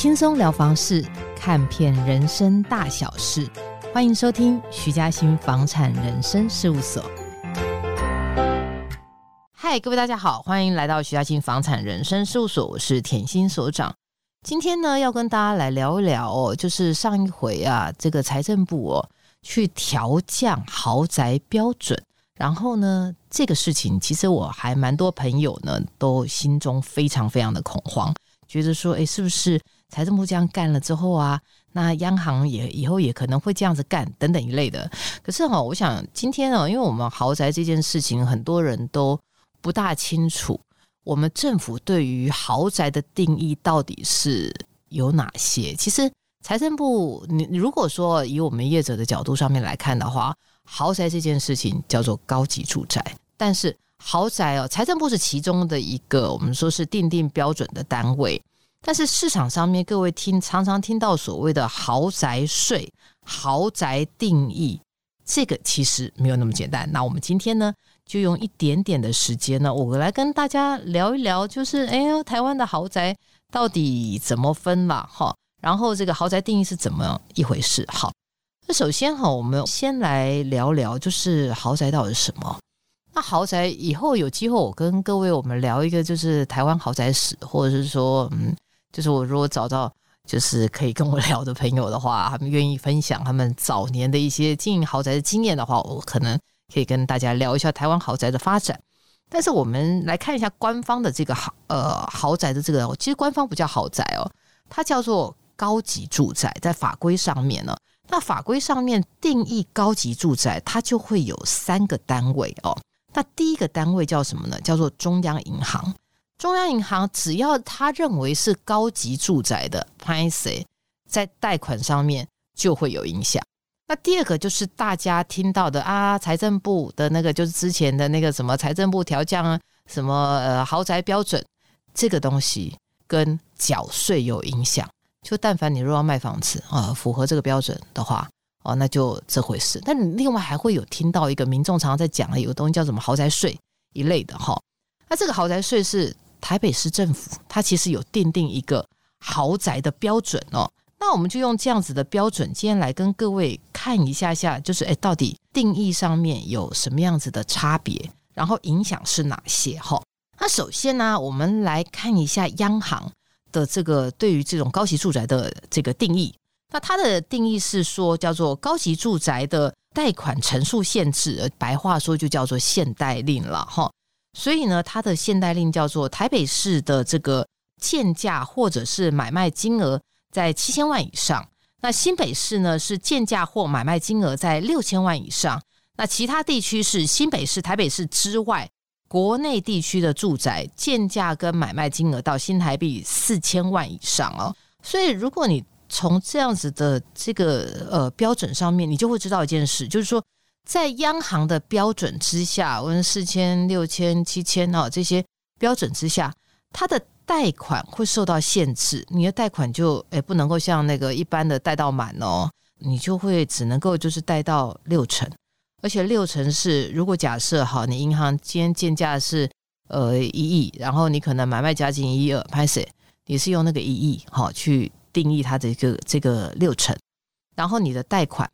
輕鬆聊房事，看遍人生大小事，歡迎收聽徐嘉欣房產人生事務所。嗨，各位大家好，歡迎來到徐嘉欣房產人生事務所，我是甜心所長。今天呢，要跟大家來聊一聊，哦，就是上一回啊，這個財政部哦，去調降豪宅標準，然後呢，這個事情其實我還蠻多朋友呢，都心中非常非常的恐慌，覺得說，哎，是不是？財政部這樣幹了之後啊，那央行也以後也可能會這樣子幹等等一類的。可是哈、哦，我想今天哦，因為我們豪宅這件事情，很多人都不大清楚，我們政府對於豪宅的定義到底是有哪些。其實財政部，你如果說以我們業者的角度上面來看的話，豪宅這件事情叫做高級住宅，但是豪宅哦，財政部是其中的一個，我們說是訂定標準的單位。但是市場上面各位聽常常聽到所謂的豪宅稅、豪宅定義，這個其實沒有那麼簡單。那我們今天呢，就用一點點的時間呢，我來跟大家聊一聊，就是哎喲，台灣的豪宅到底怎麼分嘛？哈，然後這個豪宅定義是怎麼一回事？好，那首先哈，我們先來聊聊，就是豪宅到底是什麼？那豪宅以後有機會我跟各位我們聊一個，就是台灣豪宅史，或者是說，嗯。就是我如果找到就是可以跟我聊的朋友的話，他們願意分享他們早年的一些經營豪宅的經驗的話，我可能可以跟大家聊一下台灣豪宅的發展。但是我們來看一下官方的這個豪呃豪宅的這個，其實官方不叫豪宅哦，它叫做高級住宅，在法規上面呢，哦，那法規上面定義高級住宅，它就會有三個單位哦。那第一個單位叫什麼呢？叫做中央銀行。中央銀行只要他認為是高級住宅的 Pace，在貸款上面就會有影響。那第二個就是大家聽到的啊，財政部的那個就是之前的那個什麼財政部調降啊，什麼呃豪宅標準，這個東西跟繳稅有影響。就但凡你如果要賣房子啊、哦，符合這個標準的話，哦，那就這回事。但你另外還會有聽到一個民眾常常在講的，有個東西叫什麼豪宅稅一類的哈、哦。那這個豪宅稅是。台北市政府，它其實有訂定一個豪宅的標準哦。那我們就用這樣子的標準，今天來跟各位看一下一下，就是哎，到底定義上面有什麼樣子的差別，然後影響是哪些哈、哦？那首先呢、啊，我們來看一下央行的這個對於這種高級住宅的這個定義。那它的定義是說，叫做高級住宅的貸款成數限制，而白話說就叫做限貸令了哈。哦所以呢，它的限貸令叫做台北市的這個建價或者是買賣金額在七千萬以上。那新北市呢是建價或買賣金額在六千萬以上。那其他地區是新北市、台北市之外，國內地區的住宅建價跟買賣金額到新台幣四千萬以上哦。所以，如果你從這樣子的這個呃標準上面，你就會知道一件事，就是說。在央行的標準之下，問四千、六千、七千哦，這些標準之下，它的貸款會受到限制。你的貸款就哎不能夠像那個一般的貸到滿哦，你就會只能夠就是貸到六成。而且六成是如果假設哈，你銀行今天鑑價是呃一億，然後你可能買賣價金一二拍謝你是用那個一億好，哦，去定義它的一個這個這個六成，然後你的貸款。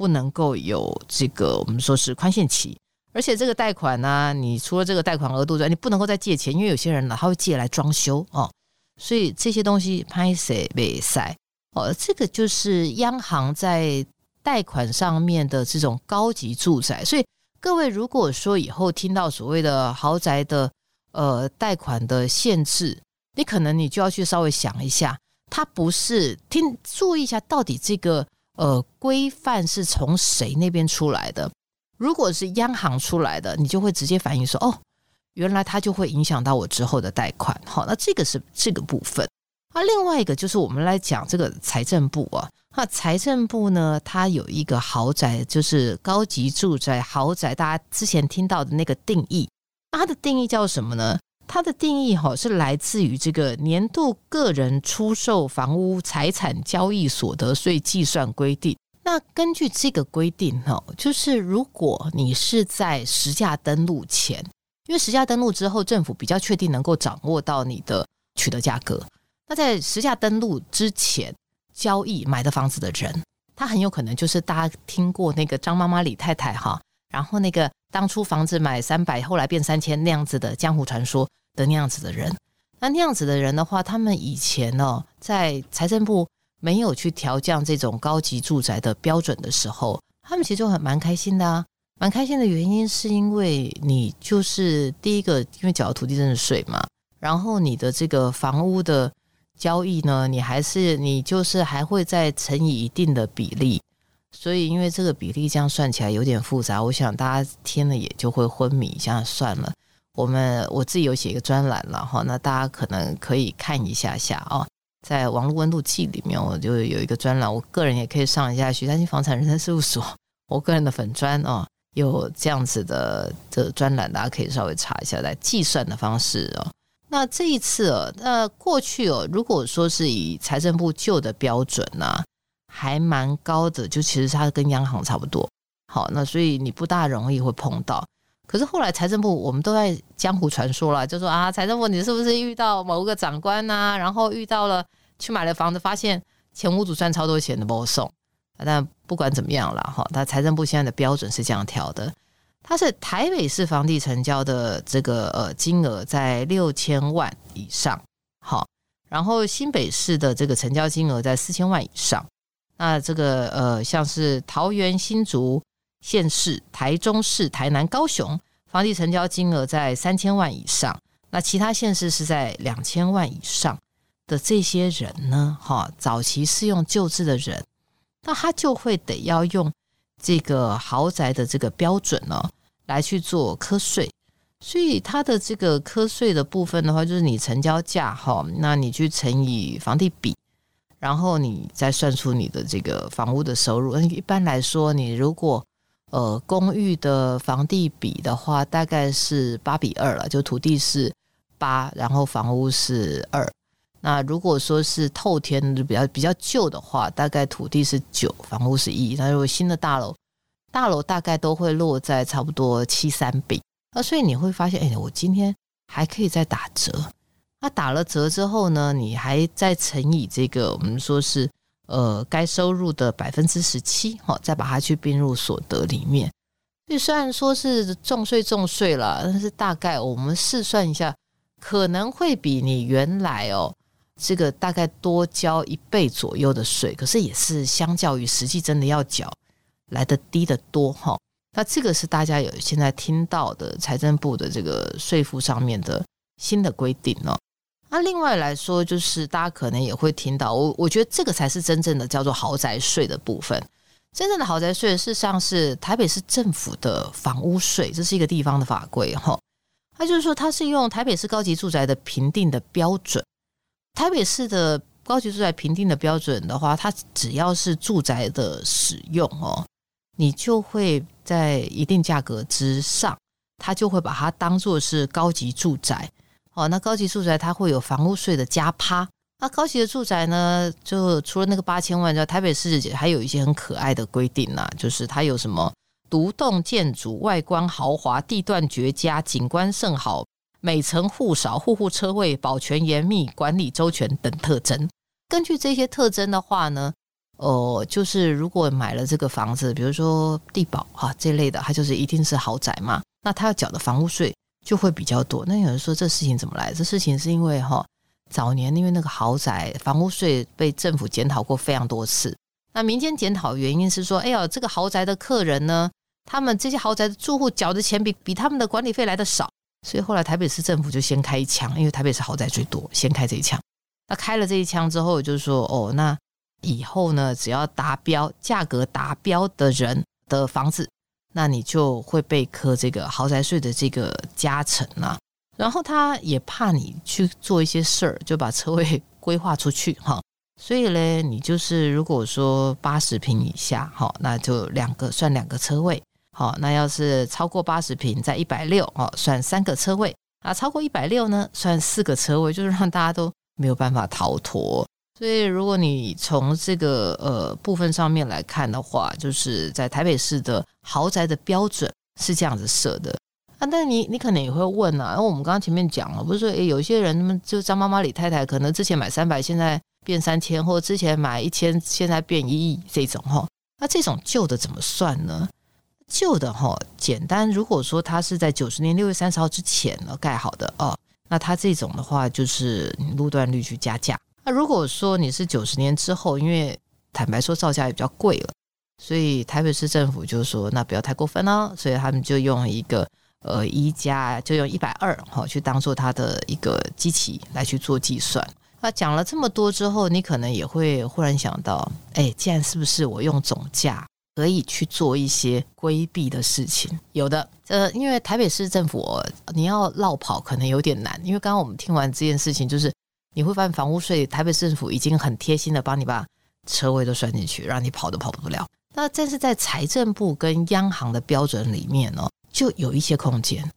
不能夠有這個，我們說是寬限期，而且這個貸款呢、啊，你除了這個貸款額度之外，你不能夠再借錢，因為有些人呢，他會借來裝修哦，所以這些東西拍塞被塞哦，這個就是央行在貸款上面的這種高級住宅。所以各位如果說以後聽到所謂的豪宅的呃貸款的限制，你可能你就要去稍微想一下，它不是聽，注意一下到底這個。呃，規範是從誰那邊出來的？如果是央行出來的，你就會直接反映說，哦，原來它就會影響到我之後的貸款。好，哦，那這個是這個部分。啊，另外一個就是我們來講這個財政部啊，那，啊、財政部呢，它有一個豪宅，就是高級住宅豪宅，大家之前聽到的那個定義，啊，它的定義叫什麼呢？它的定義哈是來自於這個年度個人出售房屋財產交易所得稅計算規定。那根據這個規定哈，就是如果你是在實價登錄前，因為實價登錄之後，政府比較確定能夠掌握到你的取得價格。那在實價登錄之前交易買的房子的人，他很有可能就是大家聽過那個張媽媽、李太太哈，然後那個當初房子買三百，後來變三千那樣子的江湖傳說。那樣子的人，那那樣子的人的話，他們以前呢、哦，在財政部沒有去調降這種高級住宅的標準的時候，他們其實就很蠻開心的啊。蠻開心的原因是因為你就是第一個，因為繳的土地增值稅嘛，然後你的這個房屋的交易呢，你還是你就是還會再乘以一定的比例，所以因為這個比例這樣算起來有點複雜，我想大家聽了也就會昏迷，一下算了。我們我自己有寫一個專欄了，然後那大家可能可以看一下下啊，在網絡溫度計裡面我就有一個專欄，我個人也可以上一下徐佳馨房產人才事務所，我個人的粉專哦，有這樣子的的、這個、專欄，大家可以稍微查一下。來計算的方式哦，那這一次哦，那過去哦，如果說是以財政部舊的標準呢，還蠻高的，就其實它跟央行差不多。好，那所以你不大容易會碰到。可是後來財政部，我們都在江湖傳說了，就是、說啊，財政部你是不是遇到某個長官吶、啊？然後遇到了去買了房子，發現前屋主賺超多錢的，不、啊、送。但不管怎麼樣了哈，他財政部現在的標準是這樣調的，它是台北市房地成交的這個呃金額在六千萬以上，好，然後新北市的這個成交金額在四千萬以上。那這個呃像是桃園新竹。縣市、台中市、台南、高雄，房地成交金額在三千萬以上，那其他縣市是在兩千萬以上的這些人呢？哈，早期是用舊制的人，那他就會得要用這個豪宅的這個標準呢，來去做課稅。所以他的這個課稅的部分的話，就是你成交價哈，那你去乘以房地比，然後你再算出你的這個房屋的收入。嗯，一般來說，你如果呃，公寓的房地比的話，大概是八比二了，就土地是八，然後房屋是二。那如果說是透天就比較比較舊的話，大概土地是九，房屋是一。那如果新的大樓，大樓大概都會落在差不多七三比。那所以你會發現，哎，我今天還可以再打折。那打了折之後呢，你還再乘以這個，我們說是。呃，該收入的百分之十七，哈、哦，再把它去併入所得裡面。所以雖然說是重稅重稅了，但是大概、哦、我們試算一下，可能會比你原來哦，這個大概多交一倍左右的稅。可是也是相較於實際真的要繳來得低得多、哦，哈。那這個是大家有現在聽到的財政部的這個稅負上面的新的規定呢、哦。那、啊、另外來說，就是大家可能也會聽到我，我覺得這個才是真正的叫做豪宅稅的部分。真正的豪宅稅事實上是台北市政府的房屋稅，這是一個地方的法規哈。它、哦啊、就是說，它是用台北市高級住宅的評定的標準。台北市的高級住宅評定的標準的話，它只要是住宅的使用哦，你就會在一定價格之上，它就會把它當做是高級住宅。哦、那高級住宅它會有房屋稅的加趴。那高級的住宅呢，就除了那個八千萬之外，台北市還有一些很可愛的規定呢、啊、就是它有什麼獨棟建築、外觀豪華、地段絕佳、景觀甚好、每層戶少、戶戶車位、保全嚴密、管理周全等特徵。根據這些特徵的話呢，哦、呃、就是如果買了這個房子，比如說帝寶啊、哦、這類的，它就是一定是豪宅嘛。那他要繳的房屋稅就會比較多。那有人說這事情怎麼來？這事情是因為哈、哦，早年因為那個豪宅房屋稅被政府檢討過非常多次。那民間檢討原因是說，哎呀，這個豪宅的客人呢，他們這些豪宅的住戶繳的錢比比他們的管理費來得少，所以後來台北市政府就先開一槍，因為台北市豪宅最多，先開這一槍。那開了這一槍之後，就是說，哦，那以後呢，只要達標，價格達標的人的房子。那你就會被扣這個豪宅稅的這個加成啊，然後他也怕你去做一些事兒，就把車位規劃出去哈。所以嘞，你就是如果說八十平以下，好，那就兩個算兩個車位，好，那要是超過八十平，在一百六，哈，算三個車位啊，超過一百六呢，算四個車位，就是讓大家都沒有辦法逃脫。所以，如果你從這個呃部分上面來看的話，就是在台北市的豪宅的標準是這樣子設的啊。但你你可能也會問啊，因、哦、為我們剛剛前面講了，不是說誒有些人，他們就張媽媽、李太太，可能之前買三百，現在變三千，或之前買一千，現在變一億這種哈。那、哦啊、這種舊的怎麼算呢？舊的哈、哦，簡單，如果說它是在九十年六月三十號之前呢蓋好的啊、哦，那它這種的話就是路段率去加價。如果說你是九十年之後，因為坦白說造價也比較貴了，所以台北市政府就說那不要太過分了、啊，所以他們就用一個呃一加就用一百二哈去當做他的一個基期來去做計算。那講了這麼多之後，你可能也會忽然想到，哎，既然是不是我用總價可以去做一些規避的事情？有的，呃，因為台北市政府你要落跑可能有點難，因為剛剛我們聽完這件事情就是。你會發現房屋稅，台北政府已經很貼心的幫你把車位都算進去，讓你跑都跑不了。那但是在財政部跟央行的標準裡面呢，就有一些空間。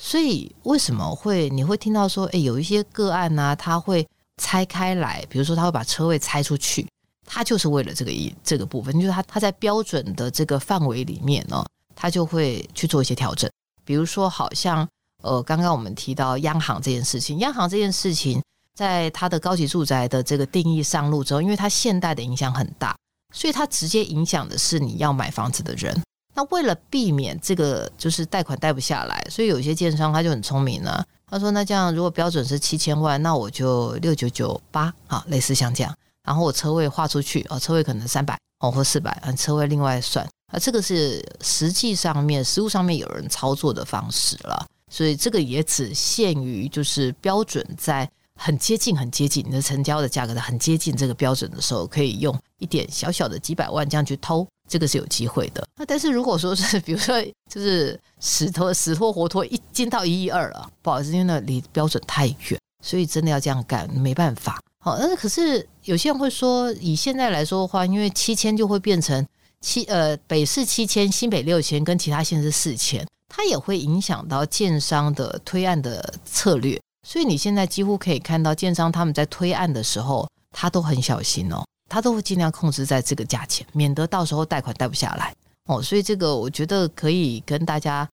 所以為什麼會你會聽到說，哎，有一些個案呢，他會拆開來，比如說他會把車位拆出去，他就是為了這個一這個部分，就是他他在標準的這個範圍裡面呢，他就會去做一些調整。比如說，好像呃，剛剛我們提到央行這件事情，央行這件事情。在他的高級住宅的這個定義上路之後，因為它現代的影響很大，所以它直接影響的是你要買房子的人。那為了避免這個就是貸款貸不下來，所以有些建商他就很聰明呢。他說：“那這樣如果標準是七千萬，那我就六九九八啊，類似像這樣。然後我車位劃出去、哦、車位可能三百哦或四百，車位另外算啊。這個是實際上面實務上面有人操作的方式了。所以這個也只限於就是標準在。”很接近，很接近，你的成交的價格的很接近這個標準的時候，可以用一點小小的幾百萬這樣去偷，這個是有機會的。那但是如果說是比如說就是死拖死拖活拖，一進到一億二了，不好意思，因為那離標準太遠，所以真的要這樣幹沒辦法。好，但是可是有些人會說，以現在來說的話，因為七千就會變成七呃北市七千，新北六千，跟其他縣市四千，它也會影響到建商的推案的策略。所以你現在幾乎可以看到，建商他們在推案的時候，他都很小心哦，他都會盡量控制在這個價錢，免得到時候貸款貸不下來哦。所以這個我覺得可以跟大家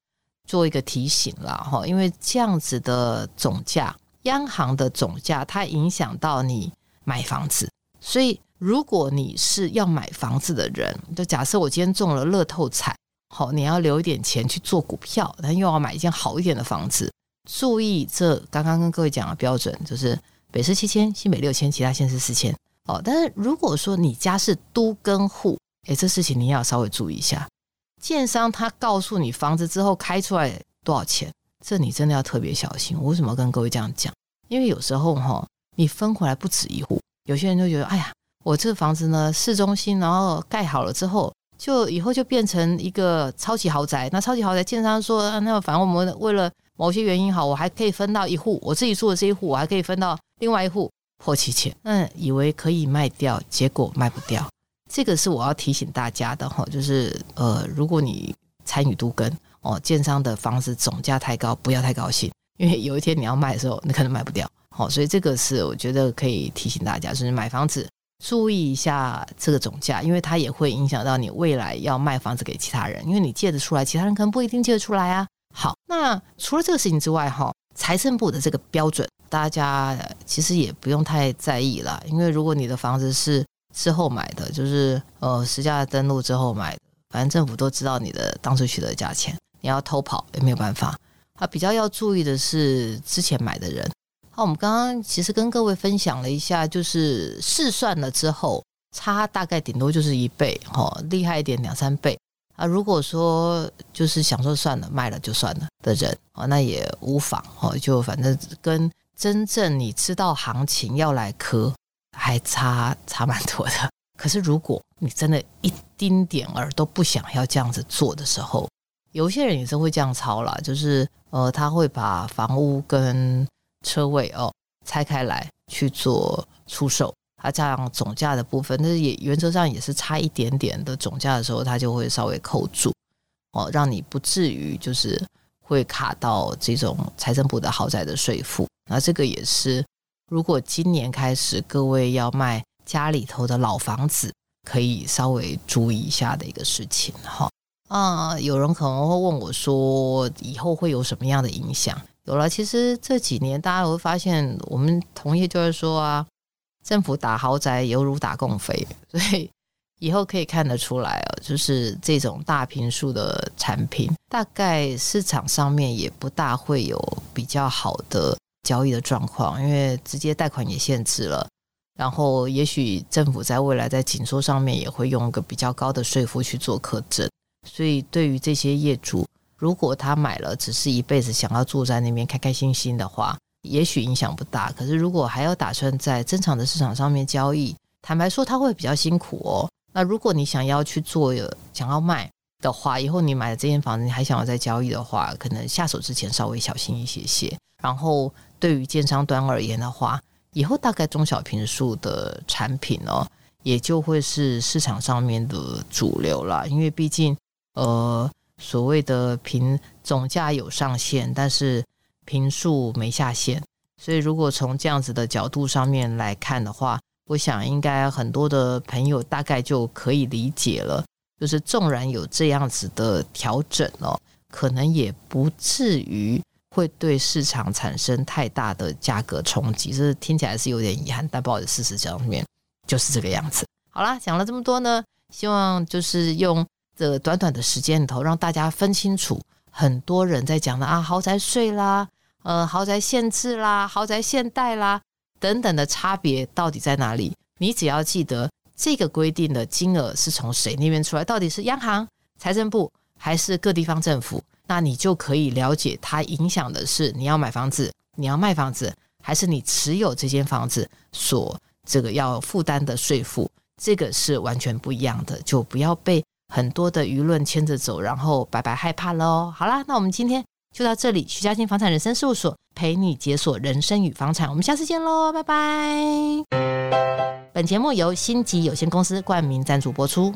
做一個提醒了哈，哦，因為這樣子的總價，央行的總價，它影響到你買房子。所以如果你是要買房子的人，就假設我今天中了樂透彩，好，哦，你要留一點錢去做股票，但又要買一間好一點的房子。注意，這剛剛跟各位講的標準就是北市七千，新北六千，其他縣是四千。哦，但是如果說你家是都更戶，哎，這事情你要稍微注意一下。建商他告訴你房子之後開出來多少錢，這你真的要特別小心。我為什麼跟各位這樣講？因為有時候哈、哦，你分回來不止一戶，有些人就覺得，哎呀，我這個房子呢，市中心，然後蓋好了之後，就以後就變成一個超級豪宅。那超級豪宅，建商說，那反正我們為了。某些原因好，我還可以分到一戶，我自己住的這一戶，我還可以分到另外一戶破七千。嗯，以為可以賣掉，結果賣不掉。這個是我要提醒大家的哈，就是呃，如果你參與都更哦，建商的房子總價太高，不要太高興，因為有一天你要賣的時候，你可能賣不掉。好，哦，所以這個是我覺得可以提醒大家，就是買房子注意一下這個總價，因為它也會影響到你未來要賣房子給其他人，因為你借得出來，其他人可能不一定借得出來啊。好，那除了這個事情之外，哈，財政部的這個標準，大家其實也不用太在意啦，因為如果你的房子是之後買的，就是呃，實價登錄之後買的，反正政府都知道你的當初取得的價錢，你要偷跑也沒有辦法。啊，比較要注意的是之前買的人。好，我們剛剛其實跟各位分享了一下，就是試算了之後，差大概頂多就是一倍，哈，厲害一點兩三倍。啊，如果說就是想說算了，賣了就算了的人哦，那也無妨哦，就反正跟真正你知道行情要來磕還差差蠻多的。可是如果你真的一丁點兒都不想要這樣子做的時候，有些人也是會這樣操啦，就是呃，他會把房屋跟車位哦拆開來去做出售。加上、啊、總價的部分，但是也原則上也是差一點點的總價的時候，它就會稍微扣住哦，讓你不至於就是會卡到這種財政部的豪宅的稅負。那、啊、這個也是，如果今年開始各位要賣家裡頭的老房子，可以稍微注意一下的一個事情哈。啊、哦嗯，有人可能會問我說，以後會有什麼樣的影響？有了，其實這幾年大家會發現，我們同業就是說啊。政府打豪宅猶如打共匪，所以以後可以看得出來啊，就是這種大坪數的產品，大概市場上面也不大會有比較好的交易的狀況，因為直接貸款也限制了。然後，也許政府在未來在緊縮上面也會用一個比較高的稅負去做課徵。所以，對於這些業主，如果他買了，只是一輩子想要住在那邊開開心心的話。也許影響不大，可是如果還要打算在正常的市場上面交易，坦白說，它會比較辛苦哦。那如果你想要去做，想要賣的話，以後你買的這間房子，你還想要再交易的話，可能下手之前稍微小心一些些。然後，對於建商端而言的話，以後大概中小坪數的產品呢、哦，也就會是市場上面的主流了，因為畢竟，呃，所謂的平總價有上限，但是。坪數沒下限，所以如果從這樣子的角度上面來看的話，我想應該很多的朋友大概就可以理解了。就是縱然有這樣子的調整哦，可能也不至於會對市場產生太大的價格衝擊。這、就是、聽起來是有點遺憾，但抱着事實上面就是這個樣子。好啦，講了這麼多呢，希望就是用這短短的時間裡頭讓大家分清楚，很多人在講的啊，豪宅稅啦。呃、嗯，豪宅限制啦，豪宅限貸啦，等等的差別到底在哪裡？你只要記得這個規定的金額是從誰那邊出來，到底是央行、財政部還是各地方政府，那你就可以了解它影響的是你要買房子、你要賣房子，還是你持有這間房子所這個要負擔的稅負，這個是完全不一樣的，就不要被很多的輿論牽着走，然後白白害怕嘍。好啦，那我們今天。就到這裡，徐家興房產人生事務所陪你解鎖人生與房產，我們下次見嘍，拜拜。本節目由星級有限公司冠名贊助播出。